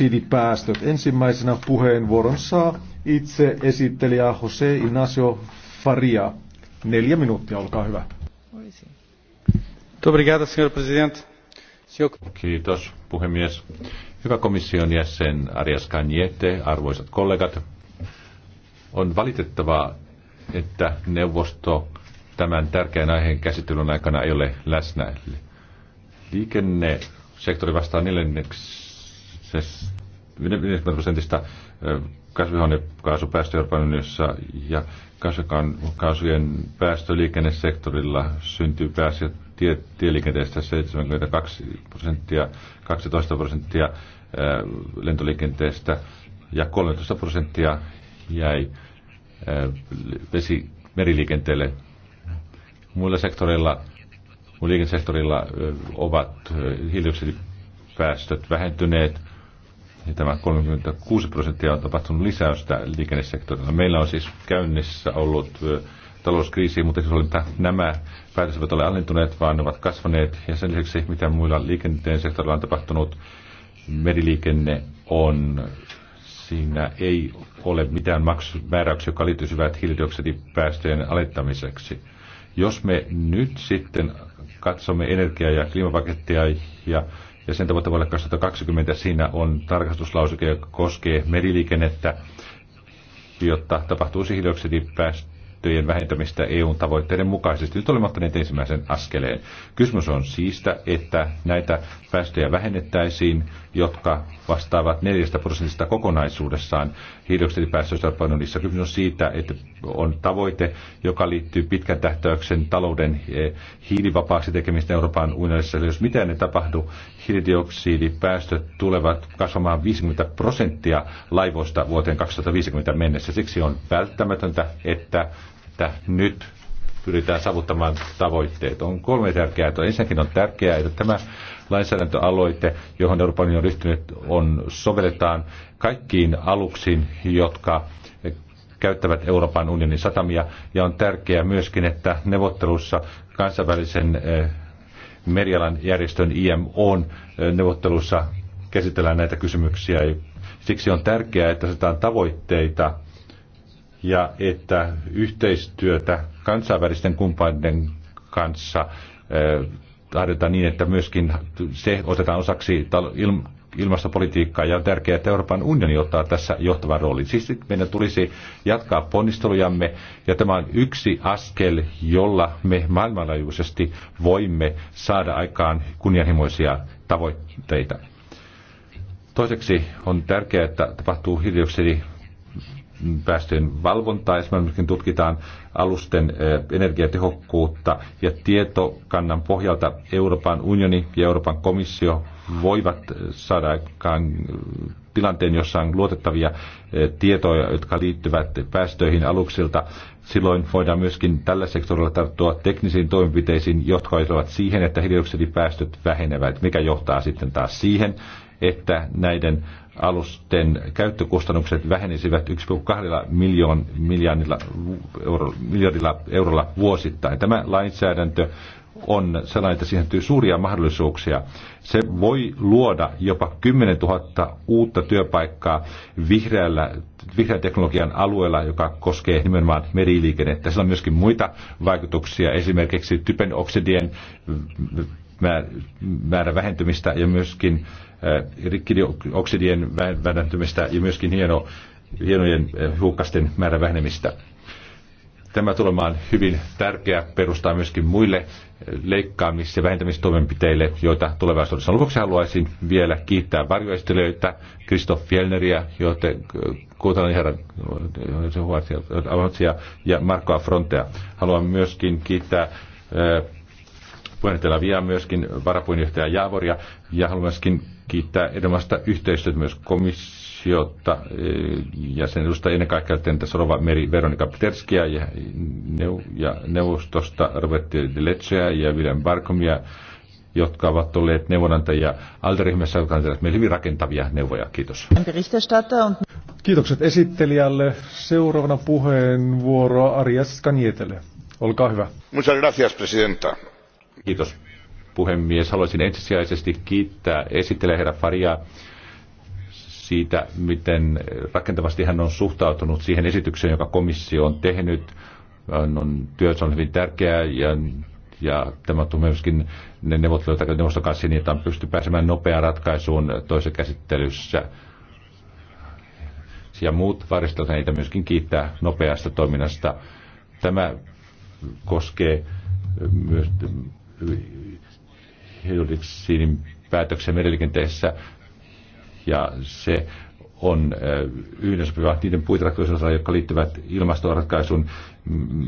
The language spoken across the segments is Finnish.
hiilidioksidipäästöt. Ensimmäisenä puheenvuoron saa itse esittelijä Jose Ignacio Faria. Neljä minuuttia, olkaa hyvä. Kiitos, puhemies. Hyvä komission jäsen Arias Kanjete, arvoisat kollegat. On valitettavaa, että neuvosto tämän tärkeän aiheen käsittelyn aikana ei ole läsnä. Liikennesektori vastaa neljänneksi 50 prosentista kasvihuonekaasupäästöjä Euroopan unionissa ja kasvihuonekaasujen päästöliikennesektorilla syntyy pääsi tie, tieliikenteestä 72 prosenttia, 12 prosenttia lentoliikenteestä ja 13 prosenttia jäi vesi meriliikenteelle. Muilla sektoreilla, liikennesektorilla ovat hiilidioksidipäästöt vähentyneet ja tämä 36 prosenttia on tapahtunut lisäystä liikennesektorilla. Meillä on siis käynnissä ollut talouskriisi, mutta se siis oli, nämä päätös eivät ole alentuneet, vaan ne ovat kasvaneet. Ja sen lisäksi, mitä muilla liikenteen sektorilla on tapahtunut, meriliikenne on, siinä ei ole mitään maksumääräyksiä, jotka hyvät hiilidioksidipäästöjen alittamiseksi. Jos me nyt sitten katsomme energiaa ja klimapakettia ja ja sen tavoitteen vuodelle 2020 siinä on tarkastuslauseke, joka koskee meriliikennettä, jotta tapahtuisi hiilidioksidipäästö päästöjen vähentämistä EUn tavoitteiden mukaisesti. Nyt olemme ottaneet ensimmäisen askeleen. Kysymys on siitä, että näitä päästöjä vähennettäisiin, jotka vastaavat 4 prosentista kokonaisuudessaan hiilidioksidipäästöistä niissä. Kysymys on siitä, että on tavoite, joka liittyy pitkän tähtäyksen talouden eh, hiilivapaaksi tekemistä Euroopan unionissa. Eli jos mitään ei tapahdu, hiilidioksidipäästöt tulevat kasvamaan 50 prosenttia laivoista vuoteen 2050 mennessä. Siksi on välttämätöntä, että että nyt pyritään saavuttamaan tavoitteet. On kolme tärkeää. Ensinnäkin on tärkeää, että tämä lainsäädäntöaloite, johon Euroopan unioni on ryhtynyt, on, sovelletaan kaikkiin aluksiin, jotka käyttävät Euroopan unionin satamia. Ja on tärkeää myöskin, että neuvottelussa kansainvälisen eh, merialan järjestön IMOn eh, neuvottelussa käsitellään näitä kysymyksiä. Siksi on tärkeää, että asetetaan tavoitteita ja että yhteistyötä kansainvälisten kumppaneiden kanssa tarjotaan eh, niin, että myöskin se otetaan osaksi ilmastopolitiikkaa ja on tärkeää, että Euroopan unioni ottaa tässä johtavan roolin. Siis meidän tulisi jatkaa ponnistelujamme ja tämä on yksi askel, jolla me maailmanlaajuisesti voimme saada aikaan kunnianhimoisia tavoitteita. Toiseksi on tärkeää, että tapahtuu hiilidioksidi päästöjen valvontaa, esimerkiksi tutkitaan alusten eh, energiatehokkuutta ja tietokannan pohjalta Euroopan unioni ja Euroopan komissio voivat eh, saada eh, tilanteen, jossa on luotettavia tietoja, jotka liittyvät päästöihin aluksilta. Silloin voidaan myöskin tällä sektorilla tarttua teknisiin toimenpiteisiin, jotka ovat siihen, että hiilidioksidipäästöt vähenevät, mikä johtaa sitten taas siihen, että näiden alusten käyttökustannukset vähenisivät 1,2 miljoon, miljardilla, euro, miljardilla eurolla vuosittain. Tämä lainsäädäntö on sellainen, että siihen tyy suuria mahdollisuuksia. Se voi luoda jopa 10 000 uutta työpaikkaa vihreällä, vihreän teknologian alueella, joka koskee nimenomaan meriliikennettä. Sillä on myöskin muita vaikutuksia, esimerkiksi typenoksidien määrä vähentymistä ja myöskin äh, rikkidioksidien vähentymistä ja myöskin hieno, hienojen äh, huukkasten määrä vähenemistä. Tämä tulemaan hyvin tärkeä perustaa myöskin muille äh, leikkaamis- ja vähentämistoimenpiteille, joita tulevaisuudessa lopuksi haluaisin vielä kiittää varjoistelijoita, Kristoff Fjellneriä, joiden kuuntelen herra ja Marko Afrontea. Haluan myöskin kiittää puheenjohtaja Via, myöskin varapuheenjohtaja Jaavoria ja haluan myöskin kiittää erinomaista yhteistyötä myös komissiota eh, ja sen edustaja ennen kaikkea Tenta Sorova, Meri Veronika Pterskiä ja, neu, ja neuvostosta Robert Lecceä ja William Barkomia, jotka ovat olleet neuvonantajia Alderyhmässä, jotka on meille hyvin rakentavia neuvoja. Kiitos. Kiitokset esittelijälle. Seuraavana puheenvuoro Arias Kanietelle. Olkaa hyvä. Muchas gracias, presidenta Kiitos puhemies. Haluaisin ensisijaisesti kiittää esittelijä herra Faria siitä, miten rakentavasti hän on suhtautunut siihen esitykseen, joka komissio on tehnyt. On, on hyvin tärkeää ja, ja tämä on myöskin ne neuvottelut neuvoston kanssa niin, että on pysty pääsemään nopeaan ratkaisuun toisen käsittelyssä. Ja muut varistot niitä myöskin kiittää nopeasta toiminnasta. Tämä koskee myös hiilidioksidin päätöksen meriliikenteessä ja se on äh, yhdessä niiden puitratkaisuja, jotka liittyvät ilmastoratkaisuun.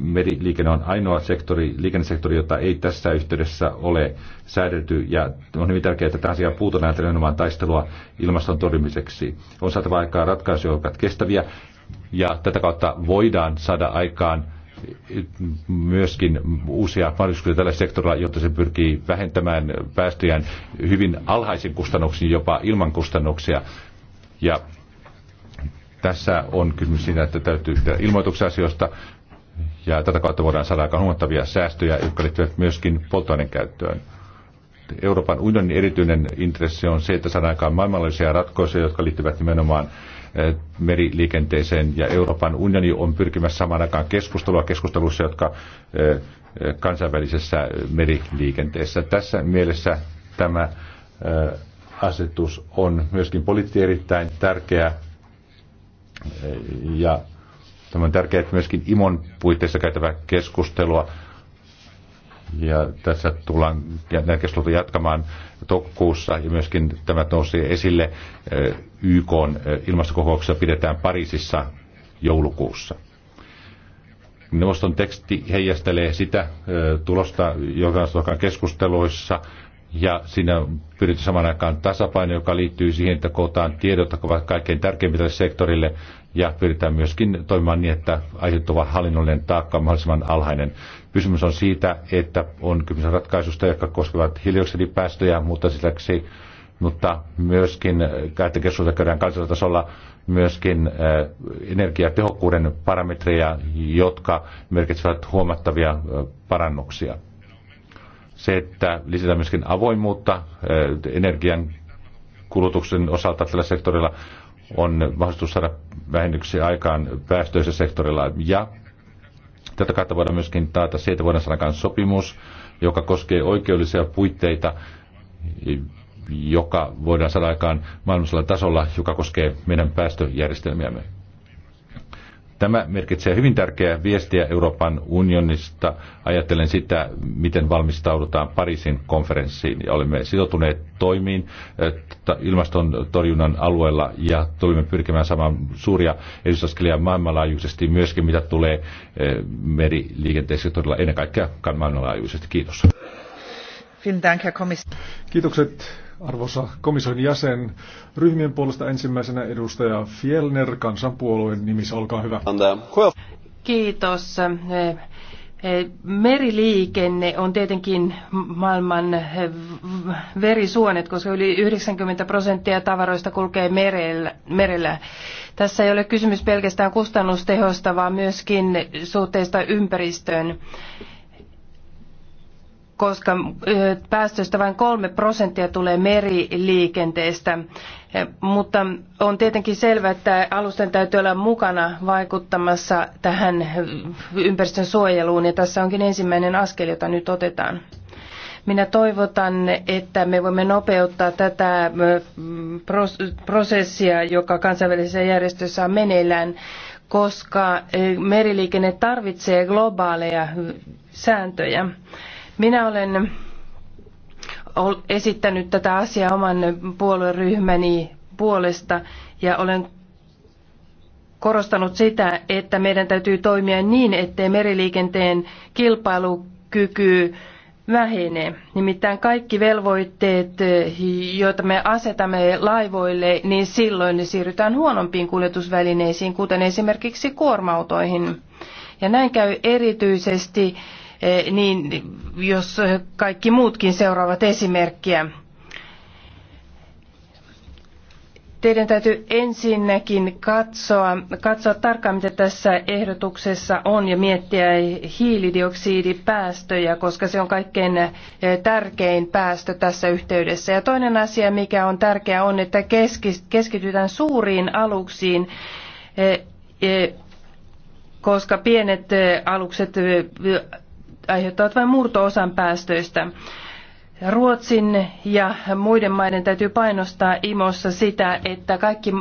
Meriliikenne on ainoa sektori, liikennesektori, jota ei tässä yhteydessä ole säädelty. Ja on hyvin tärkeää, että tähän asiaan puututaan nimenomaan taistelua ilmaston torjumiseksi. On saatava aikaan ratkaisuja, jotka ovat kestäviä. Ja tätä kautta voidaan saada aikaan myöskin uusia mahdollisuuksia tällä sektorilla, jotta se pyrkii vähentämään päästöjään hyvin alhaisin kustannuksiin, jopa ilman kustannuksia. Ja tässä on kysymys siinä, että täytyy tehdä ilmoituksia asioista, ja tätä kautta voidaan saada aika huomattavia säästöjä, jotka liittyvät myöskin polttoaineen käyttöön. Euroopan unionin erityinen intressi on se, että saadaan aikaan maailmanlaisia ratkaisuja, jotka liittyvät nimenomaan Eh, meriliikenteeseen ja Euroopan unioni on pyrkimässä samaan aikaan keskustelua keskustelussa, jotka eh, eh, kansainvälisessä meriliikenteessä. Tässä mielessä tämä asetus on myöskin poliittisesti erittäin tärkeä ja tämä on tärkeää myöskin IMON puitteissa käytävä keskustelua ja tässä tullaan keskustelua jatkamaan toukokuussa ja myöskin tämä nousi esille YK ilmastokokouksessa pidetään Pariisissa joulukuussa. Neuvoston teksti heijastelee sitä tulosta, joka on keskusteluissa ja siinä on pyritty saman aikaan tasapaino, joka liittyy siihen, että kootaan tiedot, jotka ovat kaikkein tärkeimmille sektorille, ja pyritään myöskin toimimaan niin, että aiheuttava hallinnollinen taakka on mahdollisimman alhainen. Kysymys on siitä, että on kysymys ratkaisusta, jotka koskevat hiilidioksidipäästöjä, mutta lisäksi mutta myöskin käyttökeskusta käydään kansallisella tasolla myöskin eh, energiatehokkuuden parametreja, jotka merkitsevät huomattavia eh, parannuksia. Se, että lisätään myöskin avoimuutta energian kulutuksen osalta tällä sektorilla, on mahdollisuus saada vähennyksiä aikaan päästöisellä sektorilla. Ja tätä kautta voidaan myöskin taata se, että voidaan saada sopimus, joka koskee oikeudellisia puitteita, joka voidaan saada aikaan maailmansalla tasolla, joka koskee meidän päästöjärjestelmiämme. Tämä merkitsee hyvin tärkeää viestiä Euroopan unionista. Ajattelen sitä, miten valmistaudutaan Pariisin konferenssiin ja olemme sitoutuneet toimiin eh, torjunnan alueella ja tulimme pyrkimään saamaan suuria edistysaskelia maailmanlaajuisesti myöskin, mitä tulee eh, meriliikenteeseen todella ennen kaikkea maailmanlaajuisesti. Kiitos. Kiitokset Arvoisa komission jäsen, ryhmien puolesta ensimmäisenä edustaja Fjellner kansanpuolueen nimissä, olkaa hyvä. Kiitos. Meriliikenne on tietenkin maailman verisuonet, koska yli 90 prosenttia tavaroista kulkee merellä. merellä. Tässä ei ole kysymys pelkästään kustannustehosta, vaan myöskin suhteesta ympäristöön koska päästöistä vain kolme prosenttia tulee meriliikenteestä. Mutta on tietenkin selvää, että alusten täytyy olla mukana vaikuttamassa tähän ympäristön suojeluun ja tässä onkin ensimmäinen askel, jota nyt otetaan. Minä toivotan, että me voimme nopeuttaa tätä prosessia, joka kansainvälisessä järjestössä on meneillään, koska meriliikenne tarvitsee globaaleja sääntöjä. Minä olen esittänyt tätä asiaa oman puolueryhmäni puolesta ja olen korostanut sitä, että meidän täytyy toimia niin, ettei meriliikenteen kilpailukyky vähene. Nimittäin kaikki velvoitteet, joita me asetamme laivoille, niin silloin ne siirrytään huonompiin kuljetusvälineisiin, kuten esimerkiksi kuormautoihin. Ja näin käy erityisesti Eh, niin jos kaikki muutkin seuraavat esimerkkiä. Teidän täytyy ensinnäkin katsoa, katsoa tarkkaan, mitä tässä ehdotuksessa on ja miettiä hiilidioksidipäästöjä, koska se on kaikkein eh, tärkein päästö tässä yhteydessä. Ja toinen asia, mikä on tärkeää, on, että keskitytään suuriin aluksiin, eh, koska pienet alukset aiheuttavat vain murto-osan päästöistä. Ruotsin ja muiden maiden täytyy painostaa imossa sitä, että kaikki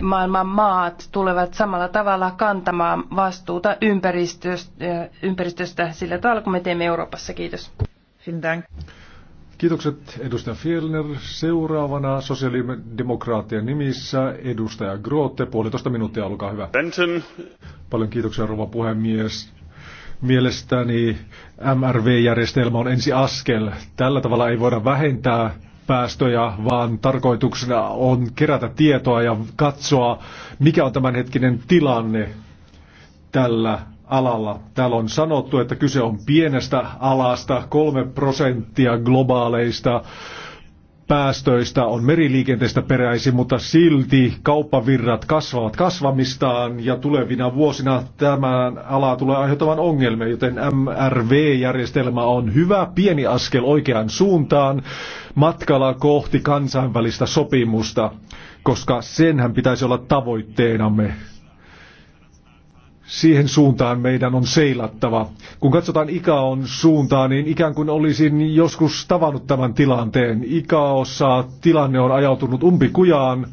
maailman maat tulevat samalla tavalla kantamaan vastuuta ympäristöstä, ympäristöstä sillä tavalla kuin me teemme Euroopassa. Kiitos. Kiitokset edustaja Fielner. Seuraavana sosiaalidemokraattien nimissä edustaja Grote. Puolitoista minuuttia, olkaa hyvä. Benton. Paljon kiitoksia rouva puhemies. Mielestäni MRV-järjestelmä on ensi askel. Tällä tavalla ei voida vähentää päästöjä, vaan tarkoituksena on kerätä tietoa ja katsoa, mikä on tämänhetkinen tilanne tällä alalla. Täällä on sanottu, että kyse on pienestä alasta, kolme prosenttia globaaleista päästöistä on meriliikenteestä peräisin, mutta silti kauppavirrat kasvavat kasvamistaan ja tulevina vuosina tämän ala tulee aiheuttamaan ongelmia, joten MRV-järjestelmä on hyvä pieni askel oikeaan suuntaan matkalla kohti kansainvälistä sopimusta, koska senhän pitäisi olla tavoitteenamme siihen suuntaan meidän on seilattava. Kun katsotaan ikaon suuntaan, niin ikään kuin olisin joskus tavannut tämän tilanteen. Ikaossa tilanne on ajautunut umpikujaan.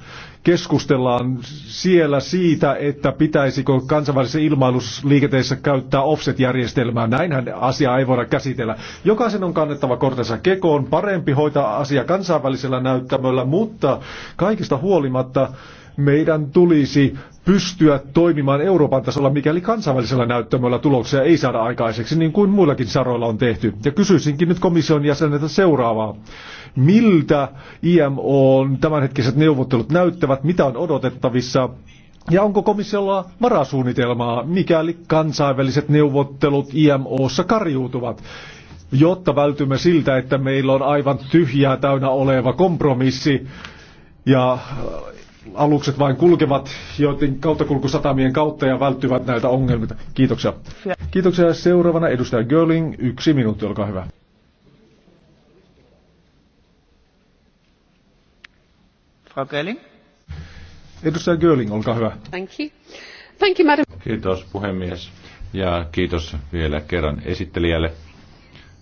Keskustellaan siellä siitä, että pitäisikö kansainvälisessä ilmailusliikenteessä käyttää offset-järjestelmää. Näinhän asia ei voida käsitellä. Jokaisen on kannettava kortensa kekoon. Parempi hoitaa asia kansainvälisellä näyttämöllä, mutta kaikista huolimatta meidän tulisi pystyä toimimaan Euroopan tasolla, mikäli kansainvälisellä näyttämöllä tuloksia ei saada aikaiseksi, niin kuin muillakin saroilla on tehty. Ja kysyisinkin nyt komission jäseneltä seuraavaa. Miltä IMO on tämänhetkiset neuvottelut näyttävät, mitä on odotettavissa, ja onko komissiolla varasuunnitelmaa, mikäli kansainväliset neuvottelut IMOssa karjuutuvat? jotta vältymme siltä, että meillä on aivan tyhjää täynnä oleva kompromissi ja alukset vain kulkevat joiden kauttakulkusatamien kautta ja välttyvät näiltä ongelmilta. Kiitoksia. Kiitoksia. Seuraavana edustaja Görling. Yksi minuutti, olkaa hyvä. Frau Görling. Edustaja Görling, olkaa hyvä. Thank you. Thank you, madam. Kiitos puhemies ja kiitos vielä kerran esittelijälle.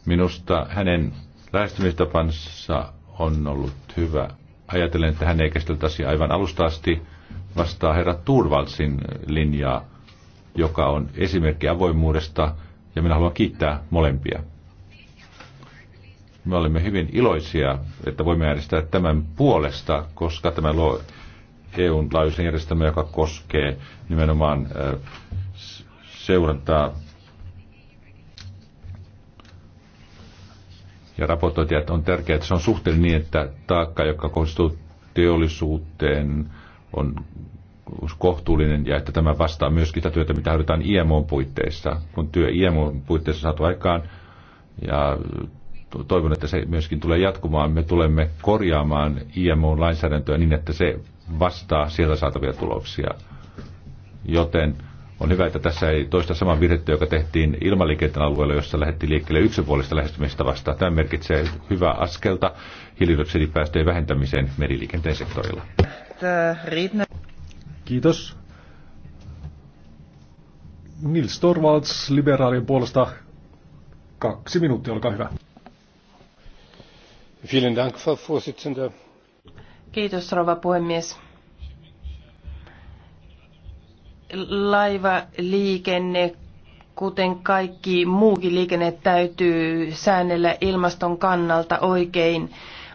Minusta hänen lähestymistapansa on ollut hyvä ajatellen, että hän ei käsitellyt asiaa aivan alusta asti, vastaa herra Turvalsin linjaa, joka on esimerkki avoimuudesta, ja minä haluan kiittää molempia. Me olemme hyvin iloisia, että voimme järjestää tämän puolesta, koska tämä luo EUn laajuisen järjestelmän, joka koskee nimenomaan äh, seurantaa ja että on tärkeää, että se on suhteellinen niin, että taakka, joka kohdistuu teollisuuteen, on kohtuullinen ja että tämä vastaa myöskin sitä työtä, mitä harjoitetaan iemoon puitteissa, kun työ iemoon puitteissa saatu aikaan. Ja toivon, että se myöskin tulee jatkumaan. Me tulemme korjaamaan iemoon lainsäädäntöä niin, että se vastaa sieltä saatavia tuloksia. Joten on hyvä, että tässä ei toista saman virhettä, joka tehtiin ilmaliikenteen alueella, jossa lähdettiin liikkeelle yksipuolista lähestymistavasta. Tämä merkitsee hyvää askelta hiilidioksidipäästöjen vähentämiseen meriliikenteen sektorilla. Kiitos. Nils Torvalds liberaalien puolesta kaksi minuuttia, olkaa hyvä. Vielen Dank, Frau Kiitos, rouva puhemies laivaliikenne, kuten kaikki muukin liikenne, täytyy säännellä ilmaston kannalta oikein.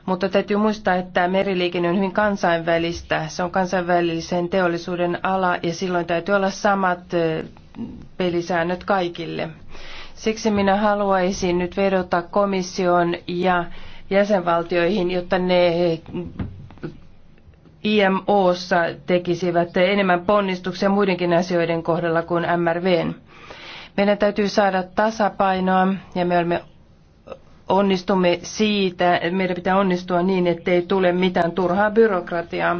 Mutta täytyy muistaa, että meriliikenne on hyvin kansainvälistä. Se on kansainvälisen teollisuuden ala ja silloin täytyy olla samat pelisäännöt kaikille. Siksi minä haluaisin nyt vedota komission ja jäsenvaltioihin, jotta ne IMOssa tekisivät enemmän ponnistuksia muidenkin asioiden kohdalla kuin MRVn. Meidän täytyy saada tasapainoa ja me olemme onnistumme siitä, meidän pitää onnistua niin, ettei tule mitään turhaa byrokratiaa.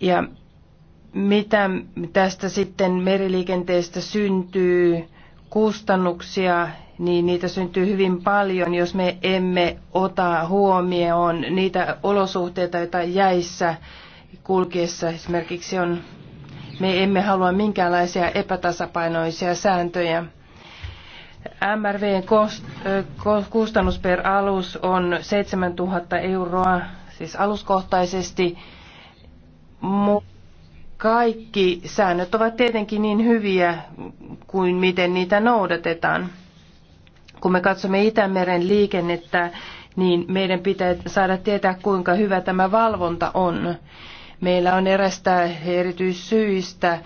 Ja mitä tästä sitten meriliikenteestä syntyy, kustannuksia niin niitä syntyy hyvin paljon, jos me emme ota huomioon niitä olosuhteita, joita jäissä kulkiessa esimerkiksi on. Me emme halua minkäänlaisia epätasapainoisia sääntöjä. MRVn kustannus per alus on 7000 euroa, siis aluskohtaisesti. Kaikki säännöt ovat tietenkin niin hyviä kuin miten niitä noudatetaan. Kun me katsomme Itämeren liikennettä, niin meidän pitää saada tietää, kuinka hyvä tämä valvonta on. Meillä on erästä erityissyistä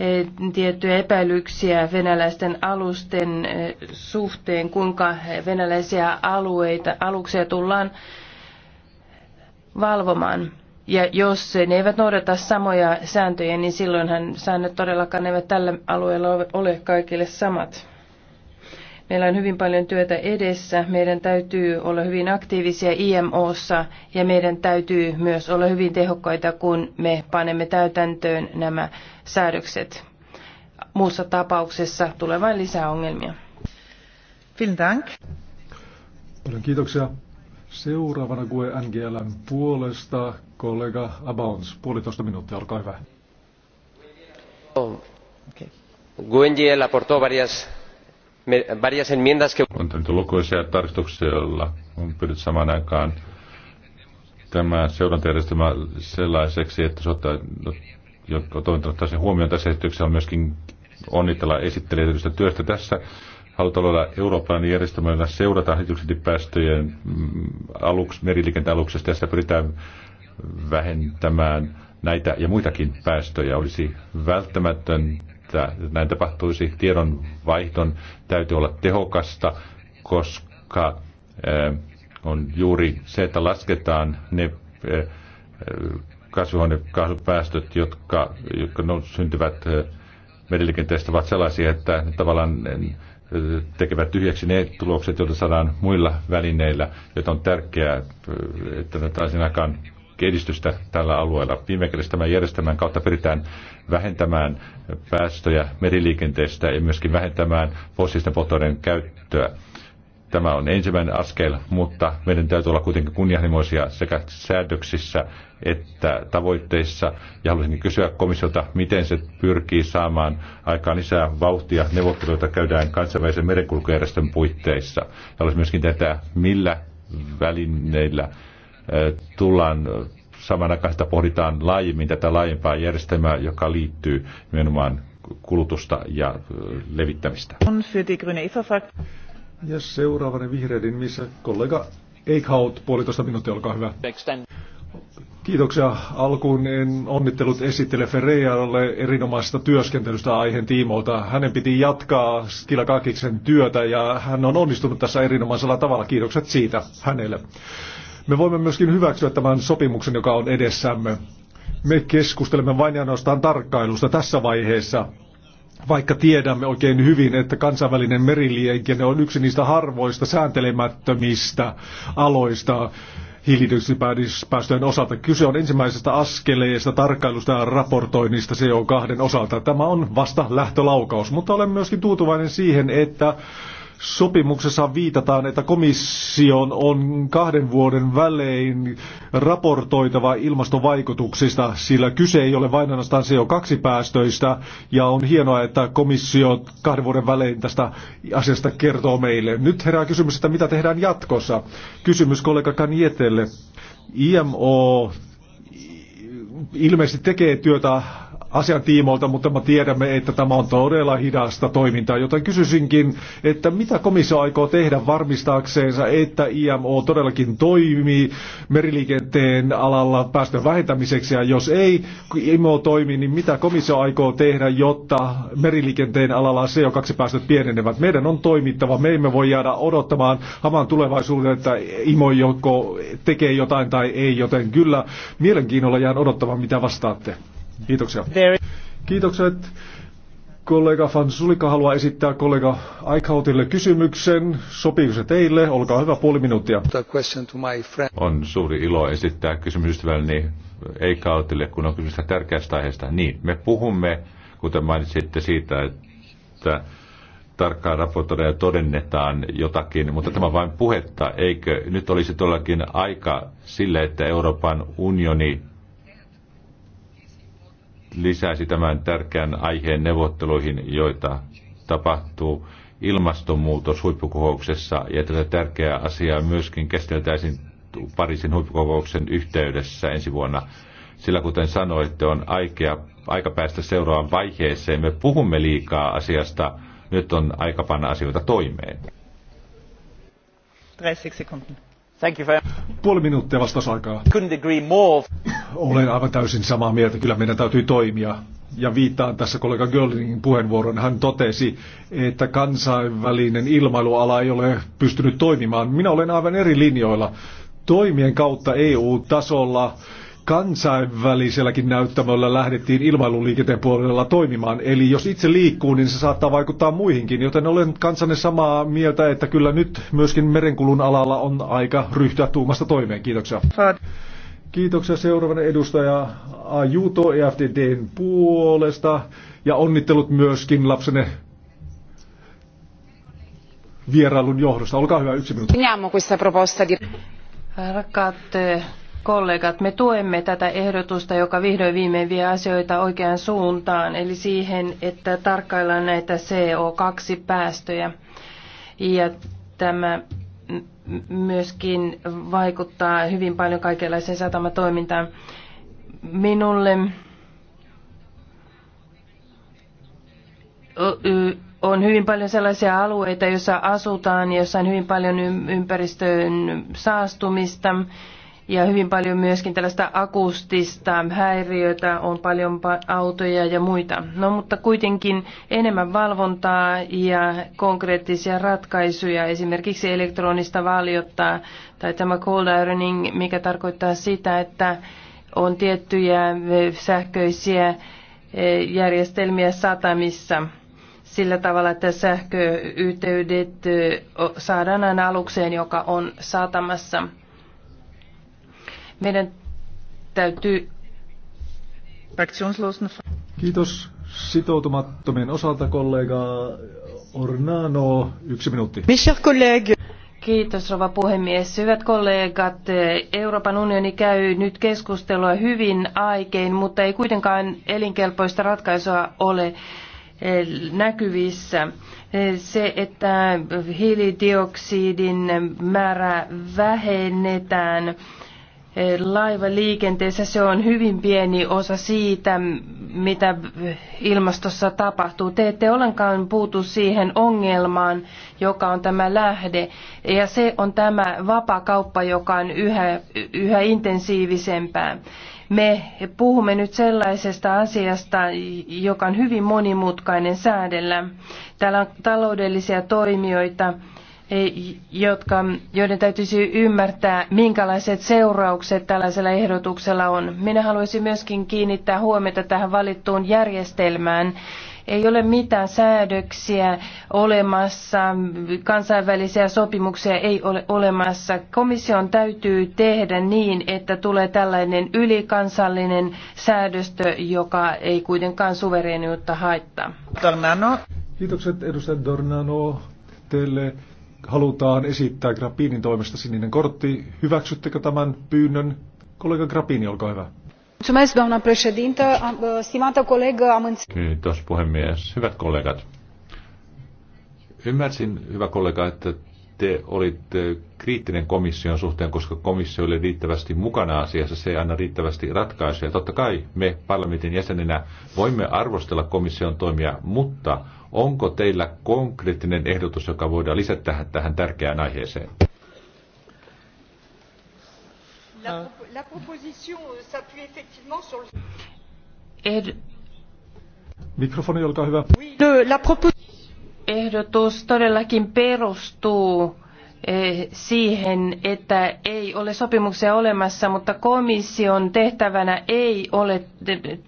eh, tiettyjä epäilyksiä venäläisten alusten eh, suhteen, kuinka venäläisiä alueita, aluksia tullaan valvomaan. Ja jos ne eivät noudata samoja sääntöjä, niin silloinhan säännöt todellakaan eivät tällä alueella ole kaikille samat. Meillä on hyvin paljon työtä edessä. Meidän täytyy olla hyvin aktiivisia IMOssa ja meidän täytyy myös olla hyvin tehokkaita, kun me panemme täytäntöön nämä säädökset. Muussa tapauksessa tulee vain lisää ongelmia. Vielen Dank. Paljon kiitoksia. Seuraavana GUE NGLn puolesta kollega Abounds. Puolitoista minuuttia, olkaa hyvä. Oh, okay. GUE aportó varias varias enmiendas que... On tehty lukuisia tarkistuksia, joilla on pyritty samaan aikaan tämä seurantajärjestelmä sellaiseksi, että se ottaa, jotka toimintavat huomioon tässä esityksessä on myöskin onnitella esittelijätystä työstä tässä. Halutaan olla eurooppalainen järjestelmä, jolla seurataan hiilidioksidipäästöjen mm, aluks, meriliikenteen aluksesta. Tässä pyritään vähentämään näitä ja muitakin päästöjä. Olisi välttämätön että näin tapahtuisi. Tiedon täytyy olla tehokasta, koska eh, on juuri se, että lasketaan ne eh, kasvihuonekaasupäästöt, jotka, jotka syntyvät eh, meriliikenteestä, ovat sellaisia, että ne tavallaan tekevät tyhjäksi ne tulokset, joita saadaan muilla välineillä, joita on tärkeää, että ne taisin aikaan edistystä tällä alueella. Viime kädessä tämän järjestelmän kautta pyritään vähentämään päästöjä meriliikenteestä ja myöskin vähentämään fossiilisten polttoaineiden käyttöä. Tämä on ensimmäinen askel, mutta meidän täytyy olla kuitenkin kunnianhimoisia sekä säädöksissä että tavoitteissa. Ja haluaisinkin kysyä komissiolta, miten se pyrkii saamaan aikaan lisää vauhtia neuvotteluita käydään kansainvälisen merenkulkujärjestön puitteissa. Ja haluaisin myöskin tätä millä välineillä tullaan samanaikaisesti pohditaan laajemmin tätä laajempaa järjestelmää, joka liittyy nimenomaan kulutusta ja levittämistä. Ja seuraavana vihreiden missä kollega Eichhout, puolitoista minuuttia, olkaa hyvä. Kiitoksia. Alkuun en onnittelut esittele Ferreiralle erinomaisesta työskentelystä aiheen tiimoilta. Hänen piti jatkaa Kakiksen työtä ja hän on onnistunut tässä erinomaisella tavalla. Kiitokset siitä hänelle. Me voimme myöskin hyväksyä tämän sopimuksen, joka on edessämme. Me keskustelemme vain ja ainoastaan tarkkailusta tässä vaiheessa, vaikka tiedämme oikein hyvin, että kansainvälinen meriliikenne on yksi niistä harvoista sääntelemättömistä aloista, hiilidioksidipäästöjen osalta. Kyse on ensimmäisestä askeleesta tarkkailusta ja raportoinnista CO2 osalta. Tämä on vasta lähtölaukaus, mutta olen myöskin tuutuvainen siihen, että Sopimuksessa viitataan, että komission on kahden vuoden välein raportoitava ilmastovaikutuksista, sillä kyse ei ole vain ainoastaan CO2-päästöistä, ja on hienoa, että komissio kahden vuoden välein tästä asiasta kertoo meille. Nyt herää kysymys, että mitä tehdään jatkossa? Kysymys kollega Kanietelle. IMO ilmeisesti tekee työtä asian tiimoilta, mutta me tiedämme, että tämä on todella hidasta toimintaa, joten kysyisinkin, että mitä komissio aikoo tehdä varmistaakseen, että IMO todellakin toimii meriliikenteen alalla päästön vähentämiseksi, ja jos ei IMO toimi, niin mitä komissio aikoo tehdä, jotta meriliikenteen alalla CO2-päästöt pienenevät? Meidän on toimittava, me emme voi jäädä odottamaan hamaan tulevaisuuteen, että IMO joko tekee jotain tai ei, joten kyllä mielenkiinnolla jään odottamaan, mitä vastaatte. Kiitoksia. Kiitokset. Kollega Van Sulika haluaa esittää kollega Aikautille kysymyksen. Sopiiko se teille? Olkaa hyvä, puoli minuuttia. On suuri ilo esittää kysymys ystävälleni Aikautille, kun on kysymys tärkeästä aiheesta. Niin, me puhumme, kuten mainitsitte siitä, että tarkkaan raportoida ja todennetaan jotakin, mutta tämä on vain puhetta. Eikö nyt olisi todellakin aika sille, että Euroopan unioni lisäisi tämän tärkeän aiheen neuvotteluihin, joita tapahtuu ilmastonmuutos huippukokouksessa ja tätä tärkeää asiaa myöskin käsiteltäisiin Pariisin huippukokouksen yhteydessä ensi vuonna. Sillä kuten sanoitte, on aikea, aika päästä seuraavaan vaiheeseen. Me puhumme liikaa asiasta. Nyt on aika panna asioita toimeen. 30 sekuntia. Puoli minuuttia vastausaikaa. Couldn't agree more olen aivan täysin samaa mieltä. Kyllä meidän täytyy toimia. Ja viittaan tässä kollega Göllingin puheenvuoron. Hän totesi, että kansainvälinen ilmailuala ei ole pystynyt toimimaan. Minä olen aivan eri linjoilla. Toimien kautta EU-tasolla kansainväliselläkin näyttämöllä lähdettiin ilmailuliikenteen puolella toimimaan. Eli jos itse liikkuu, niin se saattaa vaikuttaa muihinkin. Joten olen kansanne samaa mieltä, että kyllä nyt myöskin merenkulun alalla on aika ryhtyä tuumasta toimeen. Kiitoksia. Kiitoksia seuraavana edustaja Ajuto EFDDn puolesta ja onnittelut myöskin lapsenne vierailun johdosta. Olkaa hyvä, yksi minuutti. Rakkaat eh, kollegat, me tuemme tätä ehdotusta, joka vihdoin viimein vie asioita oikeaan suuntaan, eli siihen, että tarkkaillaan näitä CO2-päästöjä. Ja tämä myöskin vaikuttaa hyvin paljon kaikenlaiseen satamatoimintaan. Minulle on hyvin paljon sellaisia alueita, joissa asutaan, joissa on hyvin paljon ympäristön saastumista ja hyvin paljon myöskin tällaista akustista häiriötä, on paljon autoja ja muita. No mutta kuitenkin enemmän valvontaa ja konkreettisia ratkaisuja, esimerkiksi elektronista valjottaa tai tämä cold ironing, mikä tarkoittaa sitä, että on tiettyjä sähköisiä järjestelmiä satamissa sillä tavalla, että sähköyhteydet saadaan aina alukseen, joka on satamassa. Meidän täytyy... Kiitos sitoutumattomien osalta kollega Ornano. Yksi minuutti. Kiitos rouva puhemies. Hyvät kollegat, Euroopan unioni käy nyt keskustelua hyvin aikein, mutta ei kuitenkaan elinkelpoista ratkaisua ole eh, näkyvissä. Eh, se, että hiilidioksidin määrä vähennetään laivaliikenteessä se on hyvin pieni osa siitä, mitä ilmastossa tapahtuu. Te ette ollenkaan puutu siihen ongelmaan, joka on tämä lähde. Ja se on tämä vapakauppa, joka on yhä, yhä intensiivisempää. Me puhumme nyt sellaisesta asiasta, joka on hyvin monimutkainen säädellä. Täällä on taloudellisia toimijoita, jotka, joiden täytyisi ymmärtää, minkälaiset seuraukset tällaisella ehdotuksella on. Minä haluaisin myöskin kiinnittää huomiota tähän valittuun järjestelmään. Ei ole mitään säädöksiä olemassa, kansainvälisiä sopimuksia ei ole olemassa. Komission täytyy tehdä niin, että tulee tällainen ylikansallinen säädöstö, joka ei kuitenkaan suvereniutta haittaa. Dornano. Kiitokset edustaja Dornano teille halutaan esittää Grappinin toimesta sininen kortti. Hyväksyttekö tämän pyynnön? Kollega Grappini, olkaa hyvä. Uh, Kiitos puhemies. Hyvät kollegat. Ymmärsin, hyvä kollega, että te olitte kriittinen komission suhteen, koska komissio oli riittävästi mukana asiassa, se ei anna riittävästi ratkaisuja. Totta kai me parlamentin jäsenenä voimme arvostella komission toimia, mutta onko teillä konkreettinen ehdotus, joka voidaan lisätä tähän, tähän tärkeään aiheeseen? Euh, Mikrofoni, olkaa hyvä. la ehdotus todellakin perustuu eh, siihen, että ei ole sopimuksia olemassa, mutta komission tehtävänä ei ole eh,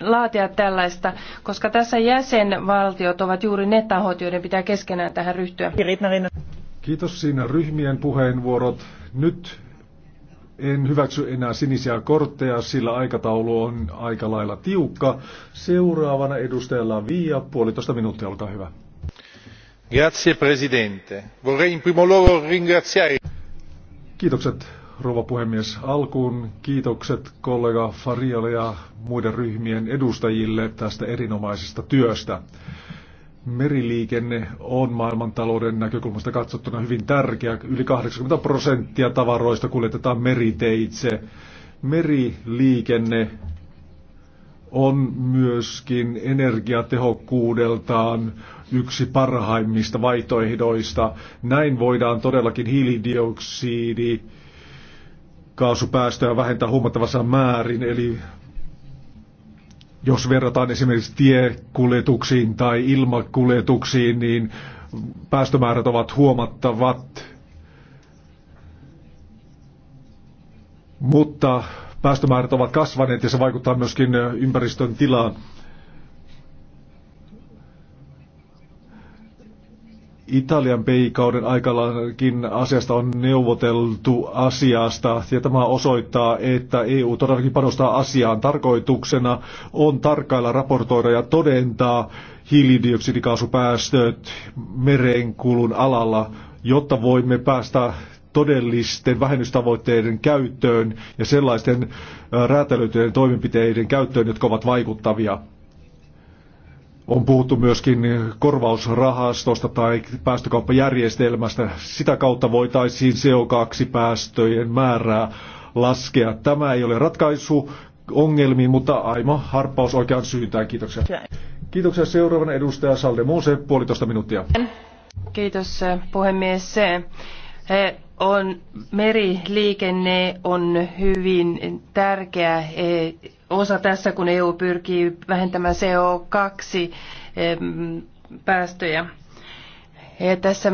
laatia tällaista, koska tässä jäsenvaltiot ovat juuri ne tahot, joiden pitää keskenään tähän ryhtyä. Kiitos siinä ryhmien puheenvuorot. Nyt en hyväksy enää sinisiä kortteja, sillä aikataulu on aika lailla tiukka. Seuraavana edustajalla Viia, puolitoista minuuttia, olkaa hyvä signor presidente rouva puhemies alkuun kiitokset kollega farialle ja muiden ryhmien edustajille tästä erinomaisesta työstä. Meriliikenne on maailmantalouden näkökulmasta katsottuna hyvin tärkeä. Yli kahdeksankymmentä prosenttia tavaroista kuljetetaan meriteitse. Meriliikenne on myöskin energiatehokkuudeltaan yksi parhaimmista vaihtoehdoista. Näin voidaan todellakin hiilidioksidi kaasupäästöä vähentää huomattavassa määrin, eli jos verrataan esimerkiksi tiekuljetuksiin tai ilmakuljetuksiin, niin päästömäärät ovat huomattavat. Mutta päästömäärät ovat kasvaneet ja se vaikuttaa myöskin ympäristön tilaan. Italian peikauden aikallakin asiasta on neuvoteltu asiasta ja tämä osoittaa, että EU todellakin panostaa asiaan. Tarkoituksena on tarkkailla, raportoida ja todentaa hiilidioksidikaasupäästöt merenkulun alalla, jotta voimme päästä todellisten vähennystavoitteiden käyttöön ja sellaisten räätälöityjen toimenpiteiden käyttöön, jotka ovat vaikuttavia. On puhuttu myöskin korvausrahastosta tai päästökauppajärjestelmästä. Sitä kautta voitaisiin CO2-päästöjen määrää laskea. Tämä ei ole ratkaisu ongelmiin, mutta aimo harppaus oikean syyntään. Kiitoksia. Kiitoksia seuraavana edustaja Salde Muuse, puolitoista minuuttia. Kiitos puhemies on, meriliikenne on hyvin tärkeä e, osa tässä, kun EU pyrkii vähentämään CO2-päästöjä. Ja tässä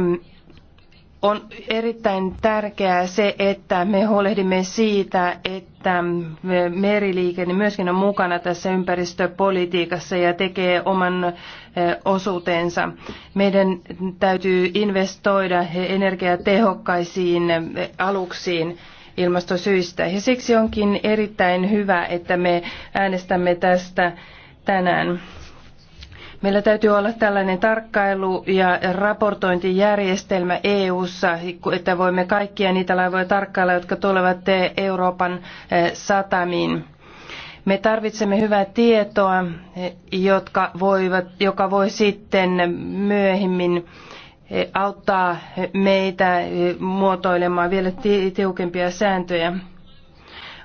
on erittäin tärkeää se, että me huolehdimme siitä, että meriliikenne myöskin on mukana tässä ympäristöpolitiikassa ja tekee oman osuutensa. Meidän täytyy investoida energiatehokkaisiin aluksiin ilmastosyistä. Ja siksi onkin erittäin hyvä, että me äänestämme tästä tänään. Meillä täytyy olla tällainen tarkkailu- ja raportointijärjestelmä EU-ssa, että voimme kaikkia niitä laivoja tarkkailla, jotka tulevat Euroopan eh, satamiin. Me tarvitsemme hyvää tietoa, eh, jotka voivat, joka voi sitten myöhemmin eh, auttaa meitä muotoilemaan vielä tiukempia sääntöjä.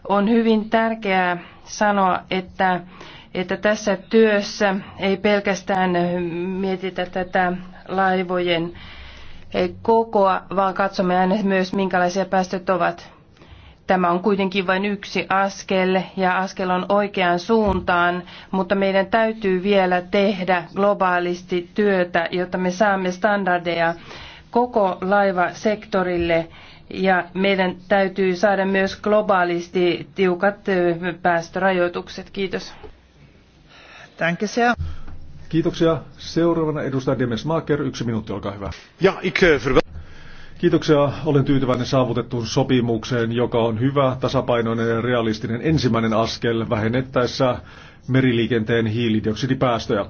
On hyvin tärkeää sanoa, että että tässä työssä ei pelkästään mietitä tätä laivojen kokoa, vaan katsomme aina myös, minkälaisia päästöt ovat. Tämä on kuitenkin vain yksi askel ja askel on oikeaan suuntaan, mutta meidän täytyy vielä tehdä globaalisti työtä, jotta me saamme standardeja koko laivasektorille ja meidän täytyy saada myös globaalisti tiukat päästörajoitukset. Kiitos. Kiitoksia. Seuraavana edustaja Demes Maaker, yksi minuutti, olkaa hyvä. Ja, ik, eh, Kiitoksia. Olen tyytyväinen saavutettuun sopimukseen, joka on hyvä, tasapainoinen ja realistinen ensimmäinen askel vähennettäessä meriliikenteen hiilidioksidipäästöjä.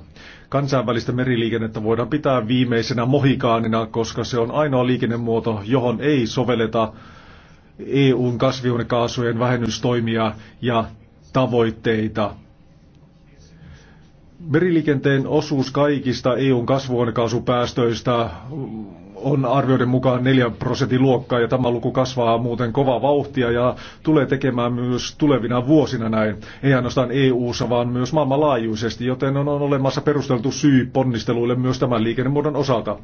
Kansainvälistä meriliikennettä voidaan pitää viimeisenä mohikaanina, koska se on ainoa liikennemuoto, johon ei sovelleta EUn kasvihuonekaasujen vähennystoimia ja tavoitteita Meriliikenteen osuus kaikista EUn kasvuhuonekaasupäästöistä on arvioiden mukaan 4 prosentin luokkaa ja tämä luku kasvaa muuten kovaa vauhtia ja tulee tekemään myös tulevina vuosina näin. Ei ainoastaan EU-ssa, vaan myös maailmanlaajuisesti, joten on olemassa perusteltu syy ponnisteluille myös tämän liikennemuodon osalta.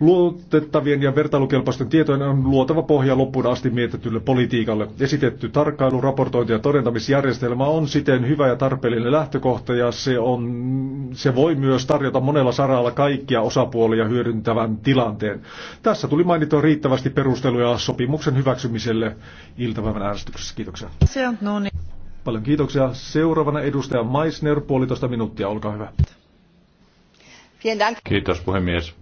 Luotettavien ja vertailukelpoisten tietojen on luotava pohja loppuun asti mietitylle politiikalle. Esitetty tarkkailu, raportointi ja todentamisjärjestelmä on siten hyvä ja tarpeellinen lähtökohta ja se, on, se voi myös tarjota monella saralla kaikkia osapuolia hyödyntävän tilanteen. Tässä tuli mainittua riittävästi perusteluja sopimuksen hyväksymiselle iltapäivän äänestyksessä. Kiitoksia. Se on, no niin. Paljon kiitoksia. Seuraavana edustaja Meissner, puolitoista minuuttia, olkaa hyvä. Kiitos puhemies.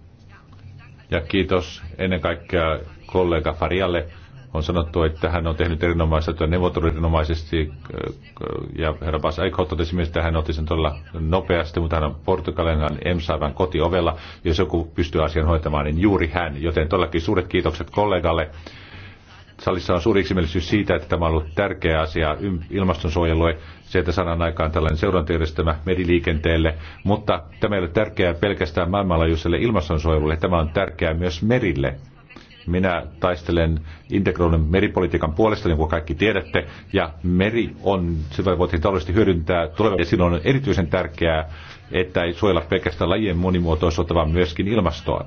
Ja kiitos ennen kaikkea kollega Farialle. On sanottu, että hän on tehnyt erinomaista työtä neuvottelurinomaisesti. Äh, äh, ja herra Bas Eichholt totesi myös, että hän otti sen todella nopeasti, mutta hän on Portugalin Emsaivan kotiovella. Jos joku pystyy asian hoitamaan, niin juuri hän. Joten todellakin suuret kiitokset kollegalle. Salissa on suuri yksimielisyys siitä, että tämä on ollut tärkeä asia ilmastonsuojelue se, että saadaan aikaan tällainen seurantajärjestelmä meriliikenteelle, mutta tämä ei ole tärkeää pelkästään maailmanlaajuiselle ilmastonsuojelulle, tämä on tärkeää myös merille. Minä taistelen integroidun meripolitiikan puolesta, niin kuin kaikki tiedätte, ja meri on, sitä voitiin taloudellisesti hyödyntää tulevaisuudessa, ja silloin on erityisen tärkeää, että ei suojella pelkästään lajien monimuotoisuutta, vaan myöskin ilmastoa.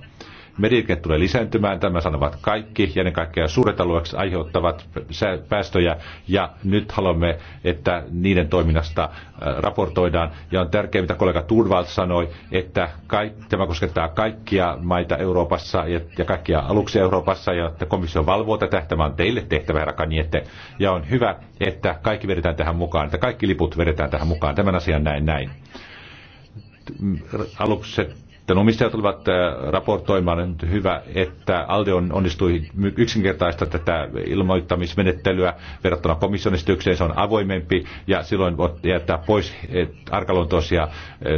Meriliikenne tulee lisääntymään, tämä sanovat kaikki, ja ne kaikkea suuret alueet aiheuttavat päästöjä, ja nyt haluamme, että niiden toiminnasta äh, raportoidaan. Ja on tärkeää, mitä kollega Turvalt sanoi, että kaikki, tämä koskettaa kaikkia maita Euroopassa ja, ja kaikkia aluksia Euroopassa, ja että komissio valvoo tätä, tämä on teille tehtävä, herra Kaniette. ja on hyvä, että kaikki vedetään tähän mukaan, että kaikki liput vedetään tähän mukaan, tämän asian näin näin alukset Tämän omistajat olivat äh, raportoimaan, että hyvä, että Alde on onnistui yksinkertaista tätä ilmoittamismenettelyä verrattuna komissionistykseen. Se on avoimempi ja silloin voi jättää pois arkaluontoisia äh,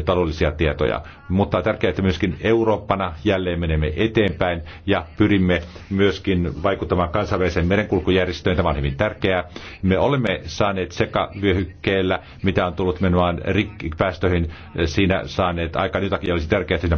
taloudellisia tietoja. Mutta on tärkeää, että myöskin Eurooppana jälleen menemme eteenpäin ja pyrimme myöskin vaikuttamaan kansainväliseen merenkulkujärjestöön. Tämä on hyvin tärkeää. Me olemme saaneet sekavyöhykkeellä, mitä on tullut menoaan rikkipäästöihin, äh, siinä saaneet aika jotakin, olisi tärkeää, että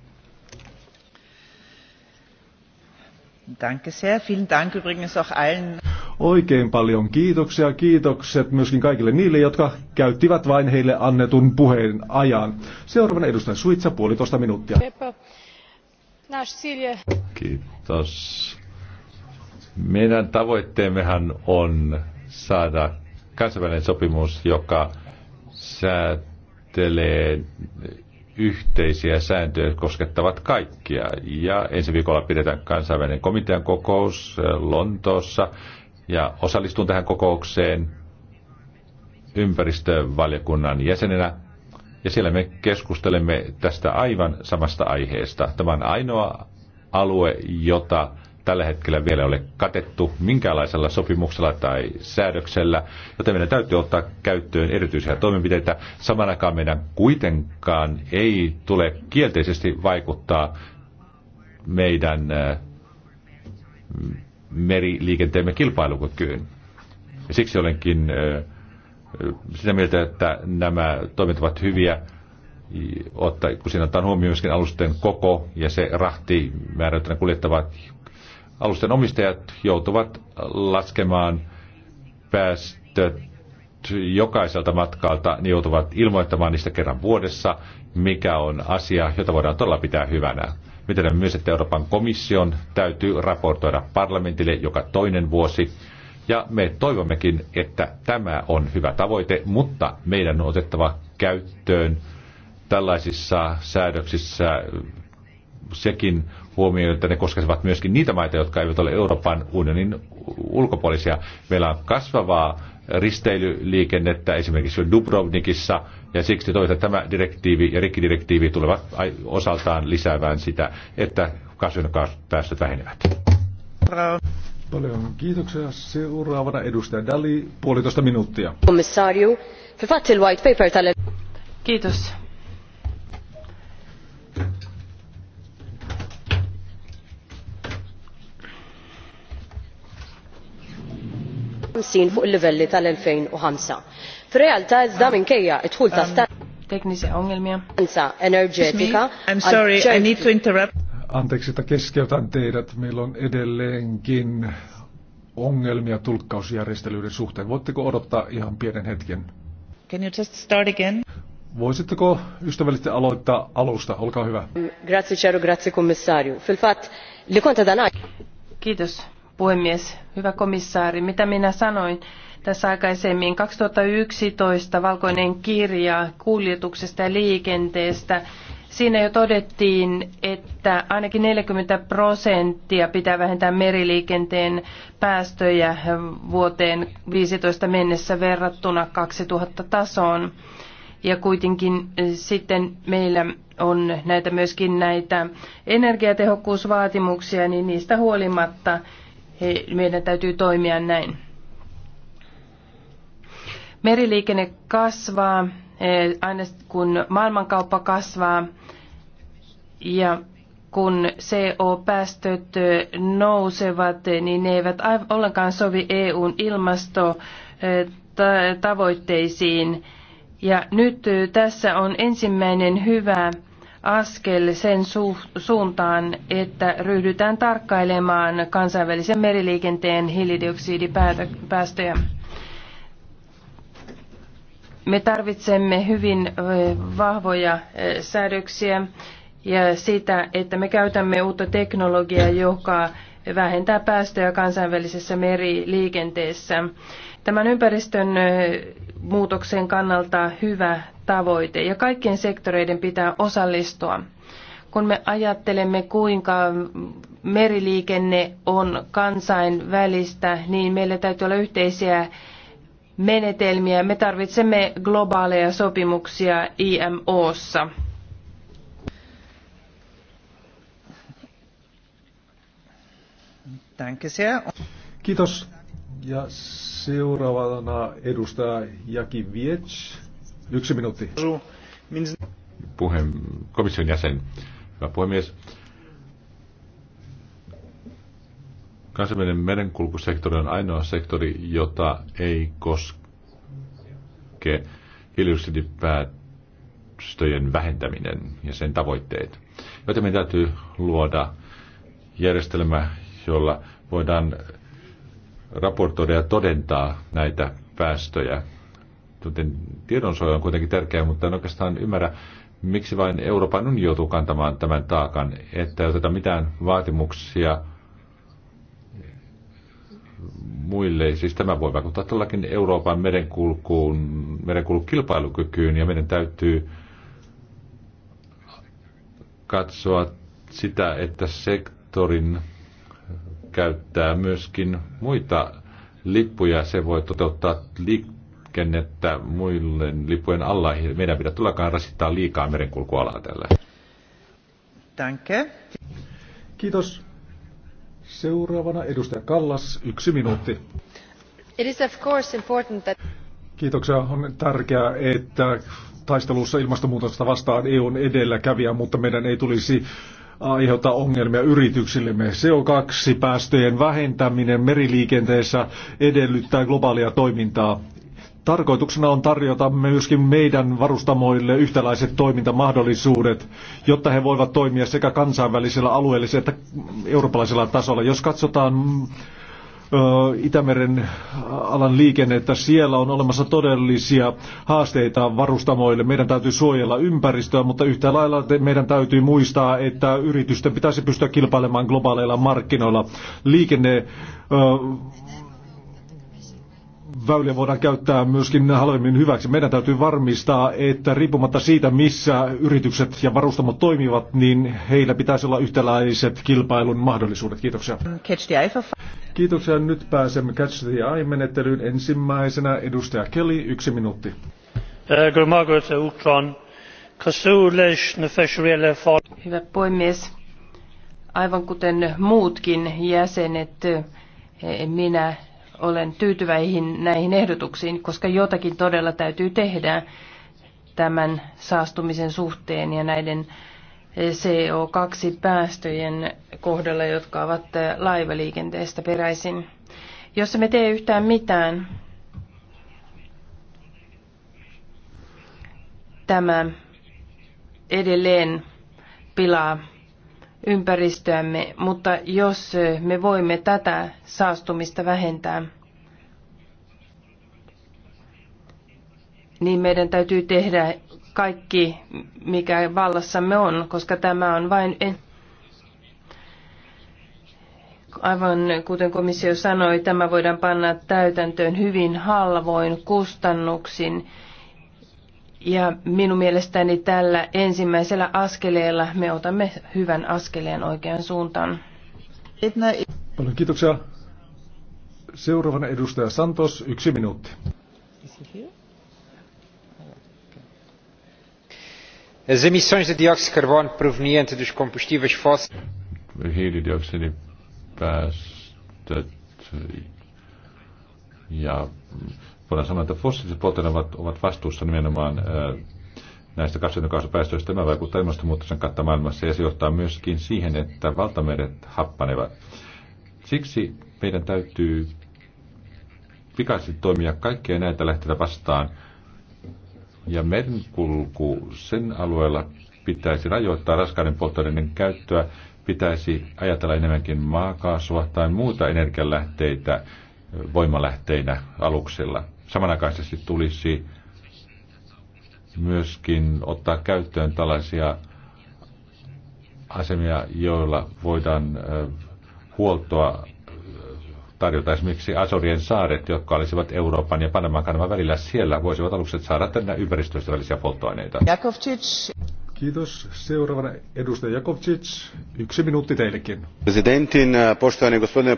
Danke sehr. Vielen Dank übrigens auch allen. Oikein paljon kiitoksia. Kiitokset myöskin kaikille niille, jotka käyttivät vain heille annetun puheen ajan. Seuraavana edustaja Suitsa, puolitoista minuuttia. Kiitos. Meidän tavoitteemmehan on saada kansainvälinen sopimus, joka säätelee yhteisiä sääntöjä, koskettavat kaikkia. Ja ensi viikolla pidetään kansainvälinen komitean kokous Lontoossa. Ja osallistun tähän kokoukseen ympäristövaliokunnan jäsenenä. Ja siellä me keskustelemme tästä aivan samasta aiheesta. Tämä on ainoa alue, jota tällä hetkellä vielä ole katettu minkäänlaisella sopimuksella tai säädöksellä, joten meidän täytyy ottaa käyttöön erityisiä toimenpiteitä. aikaan meidän kuitenkaan ei tule kielteisesti vaikuttaa meidän äh, meriliikenteemme kilpailukykyyn. Ja siksi olenkin äh, sitä mieltä, että nämä toimet ovat hyviä, kun siinä otetaan huomioon myöskin alusten koko ja se rahti ne kuljettavat alusten omistajat joutuvat laskemaan päästöt jokaiselta matkalta, niin joutuvat ilmoittamaan niistä kerran vuodessa, mikä on asia, jota voidaan todella pitää hyvänä. Miten myös, että Euroopan komission täytyy raportoida parlamentille joka toinen vuosi. Ja me toivommekin, että tämä on hyvä tavoite, mutta meidän on otettava käyttöön tällaisissa säädöksissä sekin huomioon, että ne koskisivat myöskin niitä maita, jotka eivät ole Euroopan unionin ulkopuolisia. Meillä on kasvavaa risteilyliikennettä esimerkiksi Dubrovnikissa, ja siksi toivotan tämä direktiivi ja rikkidirektiivi tulevat osaltaan lisäämään sitä, että kasvihuonekaasupäästöt vähenevät. Paljon kiitoksia. Seuraavana edustaja Dali, puolitoista minuuttia. Kiitos. 50 fuq il-livelli tal-2005. Fir-realtà iżda minkejja id-dħul ta' um, teknisiä I'm sorry, I need to interrupt. Anteeksi, että keskeytän teidät. Meillä on edelleenkin ongelmia tulkkausjärjestelyiden suhteen. Voitteko odottaa ihan pienen hetken? Can you just start again? Voisitteko ystävällisesti aloittaa alusta? Olkaa hyvä. Grazie, Cero, grazie, commissario. Kiitos, puhemies. Hyvä komissaari, mitä minä sanoin tässä aikaisemmin? 2011 valkoinen kirja kuljetuksesta ja liikenteestä. Siinä jo todettiin, että ainakin 40 prosenttia pitää vähentää meriliikenteen päästöjä vuoteen 15 mennessä verrattuna 2000 tasoon. Ja kuitenkin sitten meillä on näitä myöskin näitä energiatehokkuusvaatimuksia, niin niistä huolimatta meidän täytyy toimia näin. Meriliikenne kasvaa, eh, aina kun maailmankauppa kasvaa ja kun CO-päästöt eh, nousevat, eh, niin ne eivät ollenkaan sovi EUn ilmastotavoitteisiin. Ja nyt tässä on ensimmäinen hyvä askel sen su- suuntaan, että ryhdytään tarkkailemaan kansainvälisen meriliikenteen hiilidioksidipäästöjä. Me tarvitsemme hyvin vahvoja säädöksiä ja sitä, että me käytämme uutta teknologiaa, joka vähentää päästöjä kansainvälisessä meriliikenteessä. Tämän ympäristön muutoksen kannalta hyvä tavoite ja kaikkien sektoreiden pitää osallistua. Kun me ajattelemme, kuinka meriliikenne on kansainvälistä, niin meillä täytyy olla yhteisiä menetelmiä. Me tarvitsemme globaaleja sopimuksia IMOssa. Kiitos. Ja seuraavana edustaja Jaki Vietsch. Yksi minuutti. Puhe, komission jäsen. Hyvä puhemies. Kansainvälinen merenkulkusektori on ainoa sektori, jota ei koske hiilidioksidipäästöjen vähentäminen ja sen tavoitteet. Joten meidän täytyy luoda järjestelmä, jolla voidaan raportoida ja todentaa näitä päästöjä joten tiedonsuoja on kuitenkin tärkeää, mutta en oikeastaan ymmärrä, miksi vain Euroopan unioni joutuu kantamaan tämän taakan, että ei oteta mitään vaatimuksia muille. Siis tämä voi vaikuttaa todellakin Euroopan merenkulkuun, merenkulun kilpailukykyyn ja meidän täytyy katsoa sitä, että sektorin käyttää myöskin muita lippuja. Se voi toteuttaa liikkuvuutta että muille lippujen alla. Meidän pitää tullakaan rasittaa liikaa merenkulkualaa tällä. Danke. Kiitos. Seuraavana edustaja Kallas, yksi minuutti. It is of course important that... Kiitoksia. On tärkeää, että taistelussa ilmastonmuutosta vastaan EU on edelläkävijä, mutta meidän ei tulisi aiheuttaa ongelmia yrityksillemme. CO2-päästöjen vähentäminen meriliikenteessä edellyttää globaalia toimintaa. Tarkoituksena on tarjota myöskin meidän varustamoille yhtäläiset toimintamahdollisuudet, jotta he voivat toimia sekä kansainvälisellä, alueellisella että eurooppalaisella tasolla. Jos katsotaan Itämeren alan liikennettä. Siellä on olemassa todellisia haasteita varustamoille. Meidän täytyy suojella ympäristöä, mutta yhtä lailla meidän täytyy muistaa, että yritysten pitäisi pystyä kilpailemaan globaaleilla markkinoilla. Liikenne väyliä voidaan käyttää myöskin halvemmin hyväksi. Meidän täytyy varmistaa, että riippumatta siitä, missä yritykset ja varustamot toimivat, niin heillä pitäisi olla yhtäläiset kilpailun mahdollisuudet. Kiitoksia. Kiitoksia. Nyt pääsemme Catch the Eye-menettelyyn. Ensimmäisenä edustaja Kelly, yksi minuutti. Hyvä puhemies. Aivan kuten muutkin jäsenet, eh, minä olen tyytyväihin näihin ehdotuksiin, koska jotakin todella täytyy tehdä tämän saastumisen suhteen ja näiden CO2-päästöjen kohdalla, jotka ovat laivaliikenteestä peräisin. Jos me tee yhtään mitään, tämä edelleen pilaa ympäristöämme, mutta jos me voimme tätä saastumista vähentää, niin meidän täytyy tehdä kaikki, mikä vallassamme on, koska tämä on vain aivan kuten komissio sanoi, tämä voidaan panna täytäntöön hyvin halvoin kustannuksin ja minun mielestäni tällä ensimmäisellä askeleella me otamme hyvän askeleen oikean suuntaan. Paljon kiitoksia. Seuraavana edustaja Santos, yksi minuutti. As emissões de dióxido de carbono proveniente dos combustíveis fósseis. Hiilidioksidipäästöt ja voidaan sanoa, että fossiiliset polttoaineet ovat, vastuussa nimenomaan näistä kasvihuonekaasupäästöistä. Tämä vaikuttaa ilmastonmuutoksen kautta maailmassa ja se johtaa myöskin siihen, että valtameret happanevat. Siksi meidän täytyy pikaisesti toimia kaikkea näitä lähteitä vastaan. Ja merenkulku sen alueella pitäisi rajoittaa raskaiden polttoaineiden käyttöä, pitäisi ajatella enemmänkin maakaasua tai muuta energialähteitä voimalähteinä aluksilla samanaikaisesti tulisi myöskin ottaa käyttöön tällaisia asemia, joilla voidaan huoltoa tarjota esimerkiksi Azorien saaret, jotka olisivat Euroopan ja Panaman kanavan välillä. Siellä voisivat alukset saada tänne ympäristöystävällisiä polttoaineita. Jakovcic. Kiitos. Seuraavana edustaja Jakovcic. Yksi minuutti teillekin. Presidentin, postoinen, gospodine.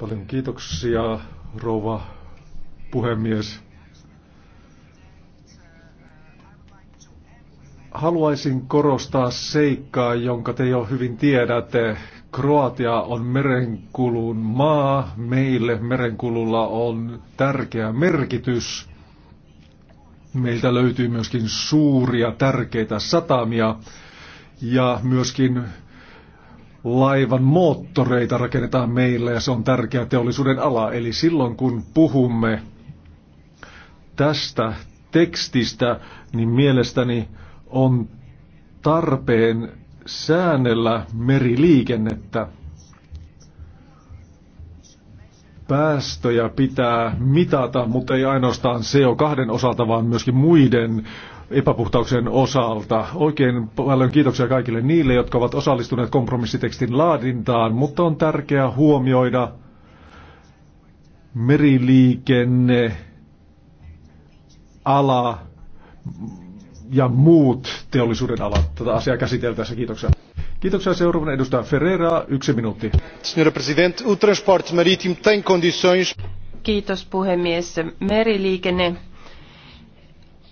Paljon kiitoksia, rouva puhemies. Haluaisin korostaa seikkaa, jonka te jo hyvin tiedätte. Kroatia on merenkulun maa. Meille merenkululla on tärkeä merkitys. Meiltä löytyy myöskin suuria tärkeitä satamia ja myöskin laivan moottoreita rakennetaan meille ja se on tärkeä teollisuuden ala. Eli silloin kun puhumme tästä tekstistä, niin mielestäni on tarpeen säännellä meriliikennettä. Päästöjä pitää mitata, mutta ei ainoastaan CO2 osalta, vaan myöskin muiden epäpuhtauksen osalta. Oikein paljon kiitoksia kaikille niille, jotka ovat osallistuneet kompromissitekstin laadintaan, mutta on tärkeää huomioida meriliikenne ala ja muut teollisuuden alat tätä asiaa käsiteltäessä. Kiitoksia. Kiitoksia seuraavana edustaja Ferreira, yksi minuutti. Presidente, o Kiitos puhemies. Meriliikenne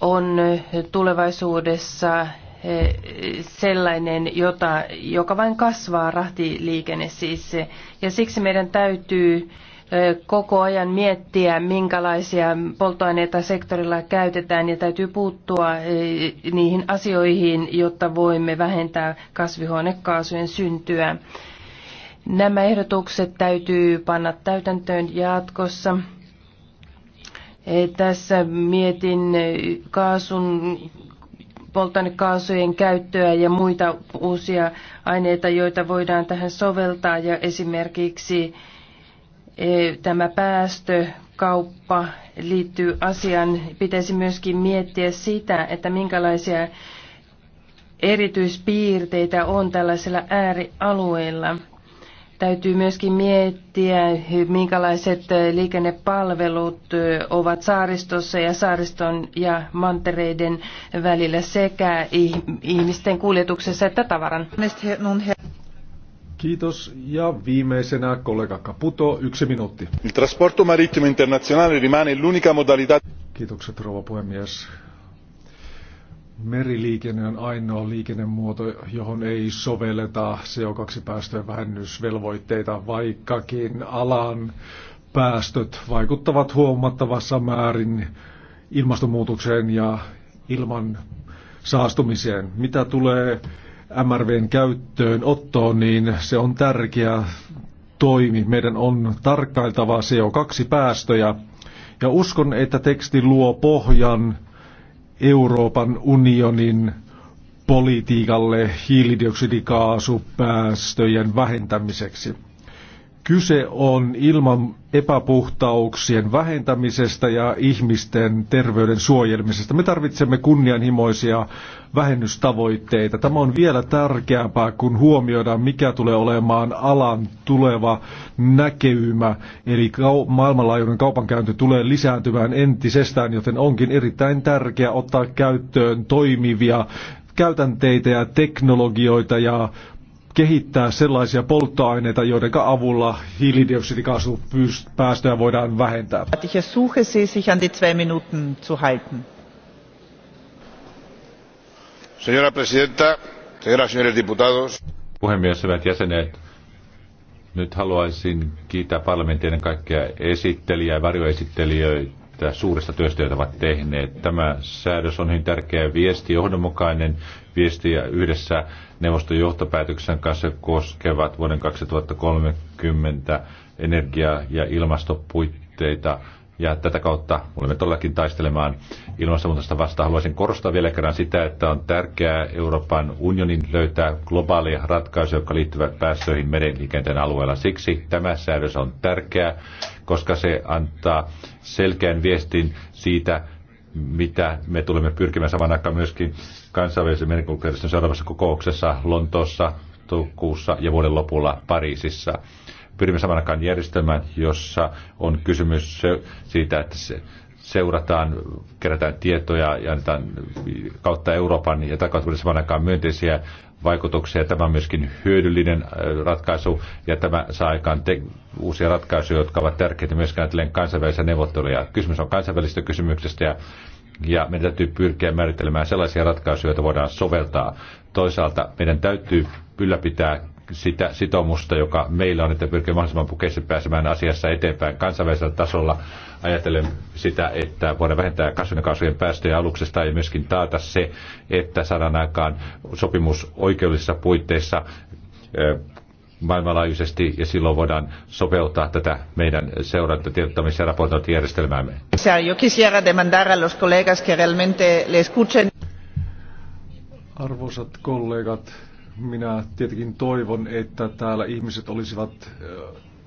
on eh, tulevaisuudessa eh, sellainen, jota, joka vain kasvaa, rahtiliikenne siis. Ja siksi meidän täytyy koko ajan miettiä, minkälaisia polttoaineita sektorilla käytetään ja täytyy puuttua niihin asioihin, jotta voimme vähentää kasvihuonekaasujen syntyä. Nämä ehdotukset täytyy panna täytäntöön jatkossa. Tässä mietin kaasun, polttoainekaasujen käyttöä ja muita uusia aineita, joita voidaan tähän soveltaa ja esimerkiksi E, tämä päästökauppa liittyy asiaan, pitäisi myöskin miettiä sitä, että minkälaisia erityispiirteitä on tällaisilla äärialueilla. Täytyy myöskin miettiä, minkälaiset liikennepalvelut ovat saaristossa ja saariston ja mantereiden välillä sekä ihmisten kuljetuksessa että tavaran. Kiitos. Ja viimeisenä kollega Caputo, yksi minuutti. Il trasporto marittimo internazionale rimane l'unica modalità... Kiitokset rouva puhemies. Meriliikenne on ainoa liikennemuoto, johon ei sovelleta CO2-päästöjen vähennysvelvoitteita, vaikkakin alan päästöt vaikuttavat huomattavassa määrin ilmastonmuutokseen ja ilman saastumiseen. Mitä tulee MRVn käyttöön ottoon, niin se on tärkeä toimi. Meidän on tarkkailtava CO2-päästöjä ja uskon, että teksti luo pohjan Euroopan unionin politiikalle hiilidioksidikaasupäästöjen vähentämiseksi. Kyse on ilman epäpuhtauksien vähentämisestä ja ihmisten terveyden suojelmisesta. Me tarvitsemme kunnianhimoisia vähennystavoitteita. Tämä on vielä tärkeämpää, kun huomioidaan, mikä tulee olemaan alan tuleva näkeymä. Eli kau- maailmanlaajuinen kaupankäynti tulee lisääntymään entisestään, joten onkin erittäin tärkeää ottaa käyttöön toimivia käytänteitä ja teknologioita ja kehittää sellaisia polttoaineita, joiden avulla hiilidioksidikaasupäästöjä voidaan vähentää. Ich ersuche Sie, sich an die zwei Minuten zu halten. Señora presidenta, señoras señores diputados. Puhemies, hyvät jäsenet. Nyt haluaisin kiittää parlamentin kaikkia esittelijää ja varjoesittelijöitä tästä suuresta työstä, jota ovat tehneet. Tämä säädös on hyvin tärkeä viesti, johdonmukainen viesti ja yhdessä neuvoston johtopäätöksen kanssa koskevat vuoden 2030 energia- ja ilmastopuitteita ja tätä kautta olemme todellakin taistelemaan ilmastonmuutosta vastaan. Haluaisin korostaa vielä kerran sitä, että on tärkeää Euroopan unionin löytää globaalia ratkaisuja, jotka liittyvät päästöihin merenliikenteen alueella. Siksi tämä säädös on tärkeä, koska se antaa selkeän viestin siitä, mitä me tulemme pyrkimään saman aikaan myöskin kansainvälisen merenkulkujärjestön seuraavassa kokouksessa Lontoossa, toukokuussa ja vuoden lopulla Pariisissa pyrimme aikaan järjestelmään, jossa on kysymys siitä, että se seurataan, kerätään tietoja ja annetaan kautta Euroopan ja kautta saman aikaan myönteisiä vaikutuksia. Tämä on myöskin hyödyllinen äh, ratkaisu ja tämä saa aikaan te- uusia ratkaisuja, jotka ovat tärkeitä myöskään ajatellen kansainvälisiä neuvotteluja. Kysymys on kansainvälisistä kysymyksistä ja, ja meidän täytyy pyrkiä määrittelemään sellaisia ratkaisuja, joita voidaan soveltaa. Toisaalta meidän täytyy ylläpitää sitä sitoumusta, joka meillä on, että pyrkii mahdollisimman pukeissa pääsemään asiassa eteenpäin kansainvälisellä tasolla. Ajattelen sitä, että voidaan vähentää kasvihuonekaasujen päästöjä aluksesta ja myöskin taata se, että saadaan aikaan sopimus oikeudellisissa puitteissa maailmanlaajuisesti ja silloin voidaan sopeuttaa tätä meidän seuranta-, ja raportointijärjestelmäämme. Arvoisat kollegat, minä tietenkin toivon, että täällä ihmiset olisivat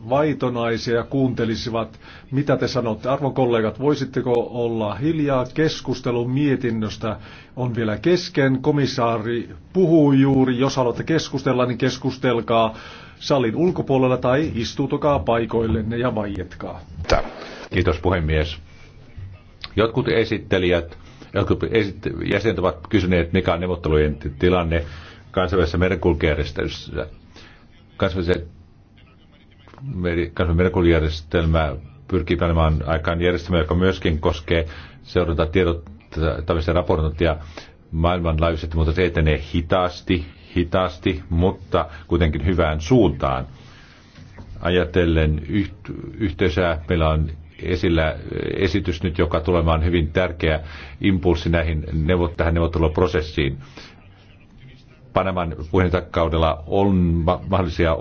vaitonaisia ja kuuntelisivat, mitä te sanotte. Arvon kollegat, voisitteko olla hiljaa? Keskustelu mietinnöstä on vielä kesken. Komissaari puhuu juuri. Jos haluatte keskustella, niin keskustelkaa salin ulkopuolella tai istutokaa paikoillenne ja vaietkaa. Kiitos puhemies. Jotkut esittelijät, jotkut jäsenet ovat kysyneet, mikä on neuvottelujen tilanne kansainvälisessä merenkulkujärjestelmässä. Kansainvälisen kansainvälinen merenkulkujärjestelmä pyrkii panemaan aikaan järjestelmä, joka myöskin koskee seurata tiedottamista raportointia maailmanlaajuisesti, mutta se etenee hitaasti, hitaasti, mutta kuitenkin hyvään suuntaan. Ajatellen yhteisöä, meillä on esillä eh, esitys nyt, joka tulemaan hyvin tärkeä impulssi näihin, tähän neuvotteluprosessiin. Panaman puheenjohtajakaudella on mahdollisia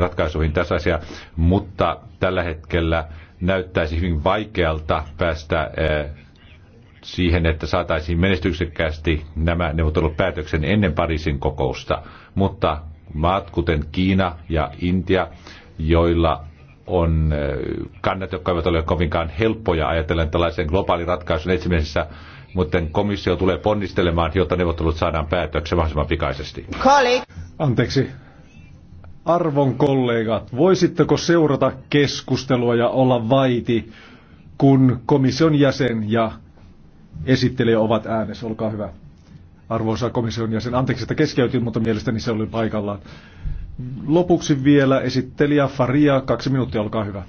ratkaisuihin tässä asia, mutta tällä hetkellä näyttäisi hyvin vaikealta päästä eh, siihen, että saataisiin menestyksekkäästi nämä neuvottelut päätöksen ennen Pariisin kokousta. Mutta maat kuten Kiina ja Intia, joilla on äh, kannat, jotka eivät ole kovinkaan helppoja ajatellen tällaisen globaalin ratkaisun etsimisessä, mutta komissio tulee ponnistelemaan, jotta neuvottelut saadaan päätöksen mahdollisimman pikaisesti. Anteeksi. Arvon kollegat, voisitteko seurata keskustelua ja olla vaiti, kun komission jäsen ja esittelijä ovat äänessä? Olkaa hyvä. Arvoisa komission jäsen, anteeksi, että keskeytin, mutta mielestäni se oli paikallaan. Lopuksi vielä esittelijä Faria, kaksi minuuttia, olkaa hyvä.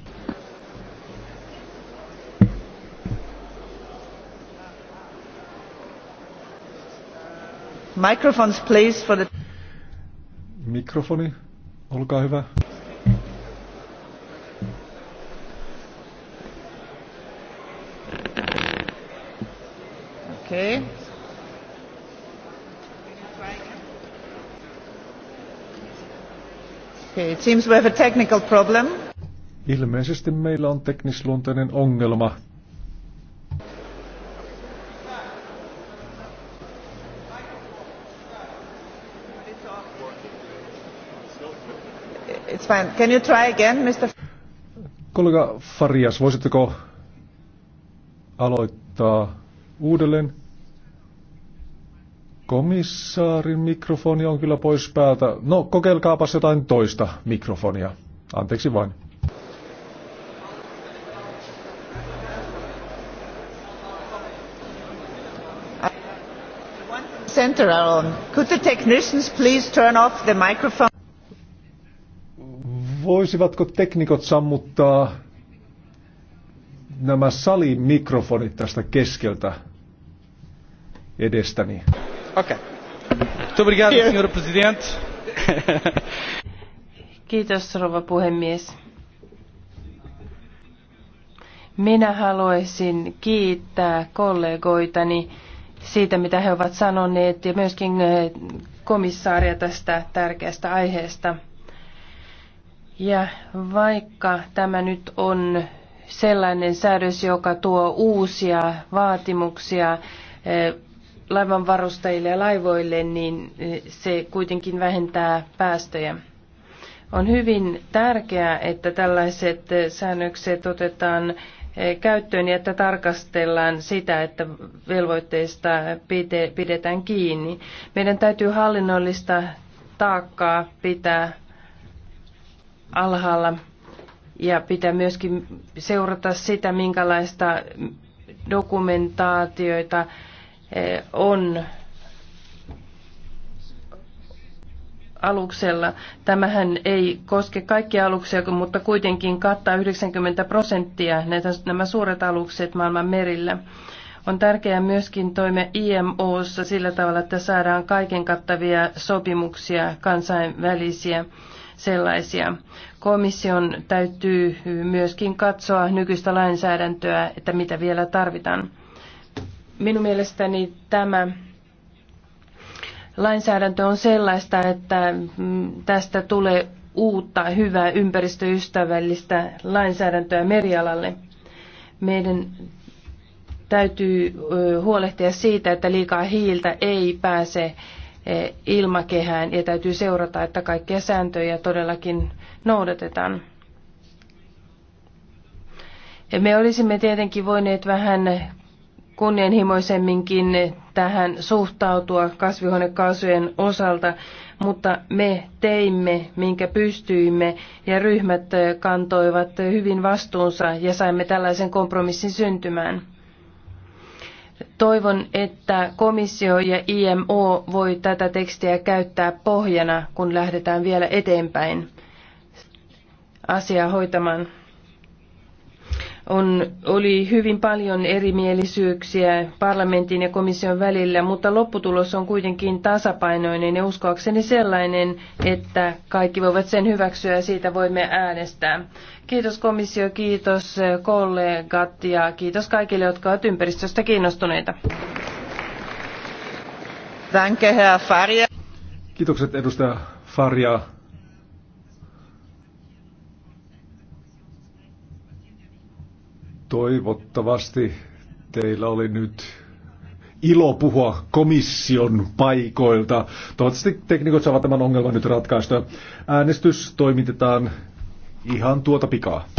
Microphones, please, for the... Mikrofoni, olkaa hyvä. Okay. Okay, it seems we have a technical problem. Ilmeisesti meillä on teknisluonteinen ongelma. It's fine. Can you try again, Mr. Kollega Farias, voisitteko aloittaa uudelleen? Komissaarin mikrofoni on kyllä pois päältä. No, kokeilkaapas jotain toista mikrofonia. Anteeksi vain. Center on. Could the technicians please turn off the microphone? Voisivatko teknikot sammuttaa nämä salimikrofonit mikrofonit tästä keskeltä edestäni? Okay. Muito obrigado, presidente. Kiitos, rouva puhemies. Minä haluaisin kiittää kollegoitani siitä, mitä he ovat sanoneet, ja myöskin eh, komissaaria tästä tärkeästä aiheesta. Ja vaikka tämä nyt on sellainen säädös, joka tuo uusia vaatimuksia eh, laivanvarustajille ja laivoille, niin eh, se kuitenkin vähentää päästöjä. On hyvin tärkeää, että tällaiset eh, säännökset otetaan eh, käyttöön ja että tarkastellaan sitä, että velvoitteista pidetään kiinni. Meidän täytyy hallinnollista taakkaa pitää alhaalla ja pitää myöskin seurata sitä, minkälaista dokumentaatioita Eh, on aluksella. Tämähän ei koske kaikkia aluksia, mutta kuitenkin kattaa 90 prosenttia näitä, nämä suuret alukset maailman merillä. On tärkeää myöskin toimia IMOssa sillä tavalla, että saadaan kaiken kattavia sopimuksia, kansainvälisiä sellaisia. Komission täytyy myöskin katsoa nykyistä lainsäädäntöä, että mitä vielä tarvitaan. Minun mielestäni tämä lainsäädäntö on sellaista, että mm, tästä tulee uutta, hyvää, ympäristöystävällistä lainsäädäntöä merialalle. Meidän täytyy huolehtia siitä, että liikaa hiiltä ei pääse ilmakehään ja täytyy seurata, että kaikkia sääntöjä todellakin noudatetaan. Ja me olisimme tietenkin voineet vähän kunnianhimoisemminkin tähän suhtautua kasvihuonekaasujen osalta, mutta me teimme, minkä pystyimme, ja ryhmät kantoivat hyvin vastuunsa ja saimme tällaisen kompromissin syntymään. Toivon, että komissio ja IMO voi tätä tekstiä käyttää pohjana, kun lähdetään vielä eteenpäin asiaa hoitamaan on, oli hyvin paljon erimielisyyksiä parlamentin ja komission välillä, mutta lopputulos on kuitenkin tasapainoinen ja uskoakseni sellainen, että kaikki voivat sen hyväksyä ja siitä voimme äänestää. Kiitos komissio, kiitos kollegat ja kiitos kaikille, jotka ovat ympäristöstä kiinnostuneita. Danke, Herr Faria. Kiitokset edustaja Faria. Toivottavasti teillä oli nyt ilo puhua komission paikoilta. Toivottavasti teknikot saavat tämän ongelman nyt ratkaistua. Äänestys toimitetaan ihan tuota pikaa.